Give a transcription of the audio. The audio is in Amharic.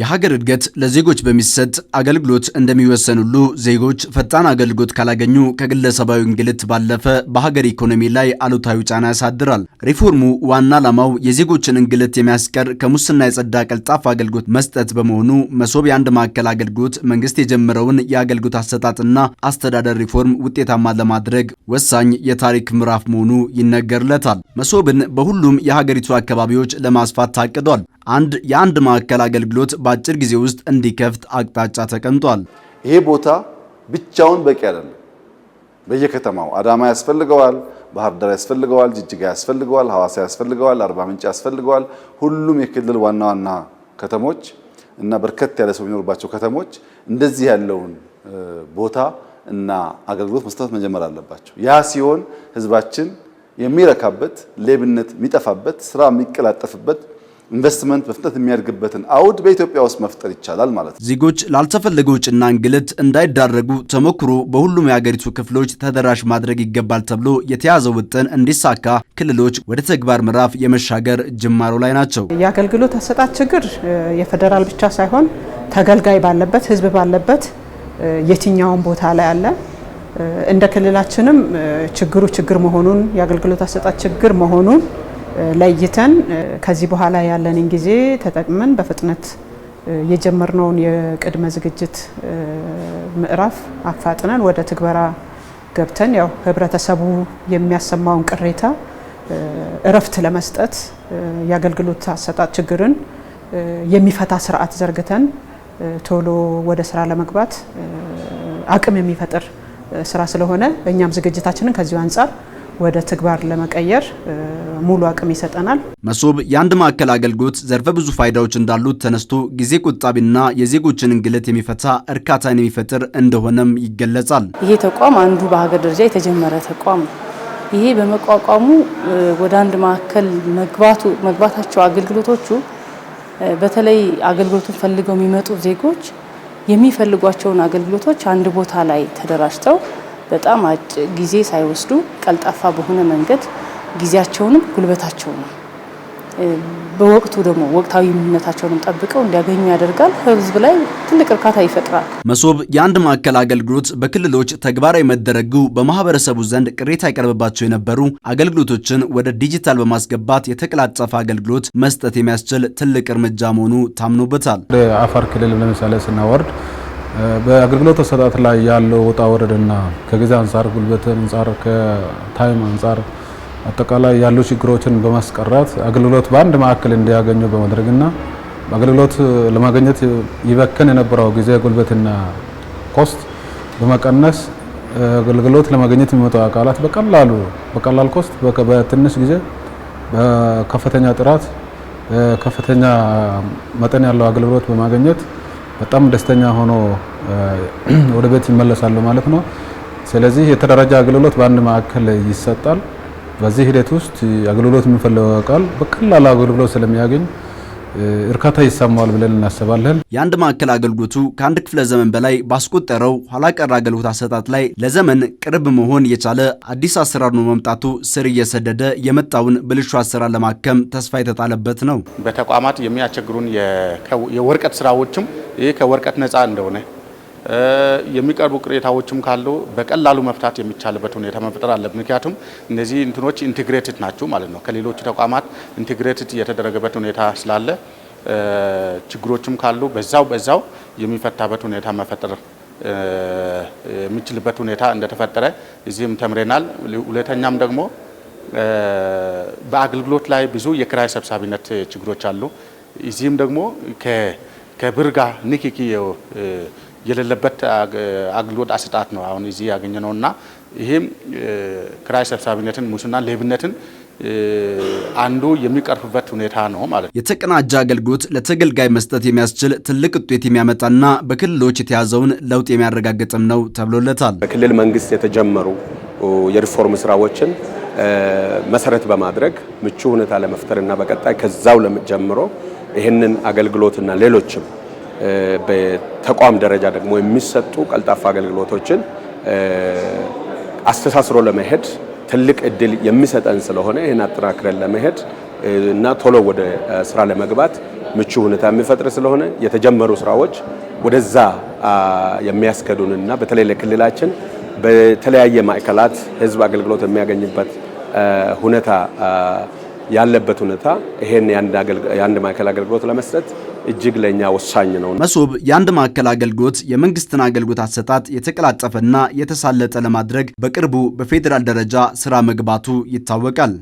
የሀገር እድገት ለዜጎች በሚሰጥ አገልግሎት እንደሚወሰን ሁሉ ዜጎች ፈጣን አገልግሎት ካላገኙ ከግለሰባዊ እንግልት ባለፈ በሀገር ኢኮኖሚ ላይ አሉታዊ ጫና ያሳድራል። ሪፎርሙ ዋና ዓላማው የዜጎችን እንግልት የሚያስቀር ከሙስና የጸዳ ቀልጣፍ አገልግሎት መስጠት በመሆኑ መሶብ የአንድ ማዕከል አገልግሎት መንግስት የጀመረውን የአገልግሎት አሰጣጥና አስተዳደር ሪፎርም ውጤታማ ለማድረግ ወሳኝ የታሪክ ምዕራፍ መሆኑ ይነገርለታል። መሶብን በሁሉም የሀገሪቱ አካባቢዎች ለማስፋት ታቅዷል። አንድ የአንድ ማዕከል አገልግሎት በአጭር ጊዜ ውስጥ እንዲከፍት አቅጣጫ ተቀምጧል። ይሄ ቦታ ብቻውን በቂ አይደለም። በየከተማው አዳማ ያስፈልገዋል፣ ባህር ዳር ያስፈልገዋል፣ ጅጅጋ ያስፈልገዋል፣ ሐዋሳ ያስፈልገዋል፣ አርባ ምንጭ ያስፈልገዋል። ሁሉም የክልል ዋና ዋና ከተሞች እና በርከት ያለ ሰው የሚኖርባቸው ከተሞች እንደዚህ ያለውን ቦታ እና አገልግሎት መስጠት መጀመር አለባቸው። ያ ሲሆን ህዝባችን የሚረካበት፣ ሌብነት የሚጠፋበት፣ ስራ የሚቀላጠፍበት ኢንቨስትመንት በፍጥነት የሚያድግበትን አውድ በኢትዮጵያ ውስጥ መፍጠር ይቻላል ማለት ነው። ዜጎች ላልተፈለገ እንግልት እንዳይዳረጉ ተሞክሮ በሁሉም የሀገሪቱ ክፍሎች ተደራሽ ማድረግ ይገባል ተብሎ የተያዘው ውጥን እንዲሳካ ክልሎች ወደ ተግባር ምዕራፍ የመሻገር ጅማሮ ላይ ናቸው። የአገልግሎት አሰጣጥ ችግር የፌዴራል ብቻ ሳይሆን ተገልጋይ ባለበት ህዝብ ባለበት የትኛውም ቦታ ላይ አለ። እንደ ክልላችንም ችግሩ ችግር መሆኑን የአገልግሎት አሰጣጥ ችግር መሆኑን ለይተን ከዚህ በኋላ ያለንን ጊዜ ተጠቅመን በፍጥነት የጀመርነውን የቅድመ ዝግጅት ምዕራፍ አፋጥነን ወደ ትግበራ ገብተን ያው ህብረተሰቡ የሚያሰማውን ቅሬታ እረፍት ለመስጠት የአገልግሎት አሰጣጥ ችግርን የሚፈታ ስርዓት ዘርግተን ቶሎ ወደ ስራ ለመግባት አቅም የሚፈጥር ስራ ስለሆነ እኛም ዝግጅታችንን ከዚሁ አንጻር ወደ ተግባር ለመቀየር ሙሉ አቅም ይሰጠናል። መሶብ የአንድ ማዕከል አገልግሎት ዘርፈ ብዙ ፋይዳዎች እንዳሉት ተነስቶ ጊዜ ቆጣቢና የዜጎችን እንግልት የሚፈታ እርካታን የሚፈጥር እንደሆነም ይገለጻል። ይሄ ተቋም አንዱ በሀገር ደረጃ የተጀመረ ተቋም ነው። ይሄ በመቋቋሙ ወደ አንድ ማዕከል መግባቱ መግባታቸው አገልግሎቶቹ በተለይ አገልግሎቱን ፈልገው የሚመጡ ዜጎች የሚፈልጓቸውን አገልግሎቶች አንድ ቦታ ላይ ተደራጅተው በጣም ጊዜ ሳይወስዱ ቀልጣፋ በሆነ መንገድ ጊዜያቸውንም ጉልበታቸውንም በወቅቱ ደግሞ ወቅታዊ ምነታቸውንም ጠብቀው እንዲያገኙ ያደርጋል። ህዝብ ላይ ትልቅ እርካታ ይፈጥራል። መሶብ የአንድ ማዕከል አገልግሎት በክልሎች ተግባራዊ መደረጉ በማህበረሰቡ ዘንድ ቅሬታ ይቀርብባቸው የነበሩ አገልግሎቶችን ወደ ዲጂታል በማስገባት የተቀላጠፈ አገልግሎት መስጠት የሚያስችል ትልቅ እርምጃ መሆኑ ታምኖበታል። አፋር ክልል ለምሳሌ ስናወርድ በአገልግሎት አሰጣጥ ላይ ያለው ወጣ ወረድና ከጊዜ አንጻር ጉልበት አንጻር ከታይም አንጻር አጠቃላይ ያሉ ችግሮችን በማስቀራት አገልግሎት በአንድ ማዕከል እንዲያገኙ በማድረግና አገልግሎት ለማግኘት ይበከን የነበረው ጊዜ ጉልበትና ኮስት በመቀነስ አገልግሎት ለማግኘት የሚመጡ አካላት በቀላሉ በቀላል ኮስት በትንሽ ጊዜ በከፍተኛ ጥራት ከፍተኛ መጠን ያለው አገልግሎት በማግኘት በጣም ደስተኛ ሆኖ ወደ ቤት ይመለሳሉ ማለት ነው። ስለዚህ የተደራጀ አገልግሎት በአንድ ማዕከል ይሰጣል። በዚህ ሂደት ውስጥ አገልግሎት የሚፈልገው አካል በቀላል አገልግሎት ስለሚያገኝ እርካታ ይሰማዋል ብለን እናስባለን። የአንድ ማዕከል አገልግሎቱ ከአንድ ክፍለ ዘመን በላይ ባስቆጠረው ኋላቀር አገልግሎት አሰጣጥ ላይ ለዘመን ቅርብ መሆን የቻለ አዲስ አሰራር ነው መምጣቱ ስር እየሰደደ የመጣውን ብልሹ አሰራር ለማከም ተስፋ የተጣለበት ነው። በተቋማት የሚያስቸግሩን የወርቀት ስራዎችም ይህ ከወርቀት ነፃ እንደሆነ የሚቀርቡ ቅሬታዎችም ካሉ በቀላሉ መፍታት የሚቻልበት ሁኔታ መፍጠር አለ። ምክንያቱም እነዚህ እንትኖች ኢንቴግሬትድ ናቸው ማለት ነው። ከሌሎቹ ተቋማት ኢንቴግሬትድ የተደረገበት ሁኔታ ስላለ ችግሮችም ካሉ በዛው በዛው የሚፈታበት ሁኔታ መፈጠር የሚችልበት ሁኔታ እንደተፈጠረ እዚህም ተምሬናል። ሁለተኛም ደግሞ በአገልግሎት ላይ ብዙ የክራይ ሰብሳቢነት ችግሮች አሉ። እዚህም ደግሞ ከብር ጋር ንክኪ የሌለበት አገልግሎት አሰጣጥ ነው አሁን እዚህ ያገኘ ነው እና ይህም ክራይ ሰብሳቢነትን፣ ሙስና፣ ሌብነትን አንዱ የሚቀርፍበት ሁኔታ ነው ማለት ነው። የተቀናጀ አገልግሎት ለተገልጋይ መስጠት የሚያስችል ትልቅ ውጤት የሚያመጣና በክልሎች የተያዘውን ለውጥ የሚያረጋግጥም ነው ተብሎለታል። በክልል መንግስት የተጀመሩ የሪፎርም ስራዎችን መሰረት በማድረግ ምቹ ሁኔታ ለመፍጠርና በቀጣይ ከዛው ጀምሮ ይህንን አገልግሎትና ሌሎችም በተቋም ደረጃ ደግሞ የሚሰጡ ቀልጣፋ አገልግሎቶችን አስተሳስሮ ለመሄድ ትልቅ እድል የሚሰጠን ስለሆነ ይህን አጠናክረን ለመሄድ እና ቶሎ ወደ ስራ ለመግባት ምቹ ሁኔታ የሚፈጥር ስለሆነ የተጀመሩ ስራዎች ወደዛ የሚያስከዱንና በተለይ ለክልላችን በተለያየ ማዕከላት ህዝብ አገልግሎት የሚያገኝበት ሁኔታ ያለበት ሁኔታ ይሄን የአንድ ማዕከል አገልግሎት ለመስጠት እጅግ ለእኛ ወሳኝ ነው። መሶብ የአንድ ማዕከል አገልግሎት የመንግስትን አገልግሎት አሰጣጥ የተቀላጠፈና የተሳለጠ ለማድረግ በቅርቡ በፌዴራል ደረጃ ስራ መግባቱ ይታወቃል።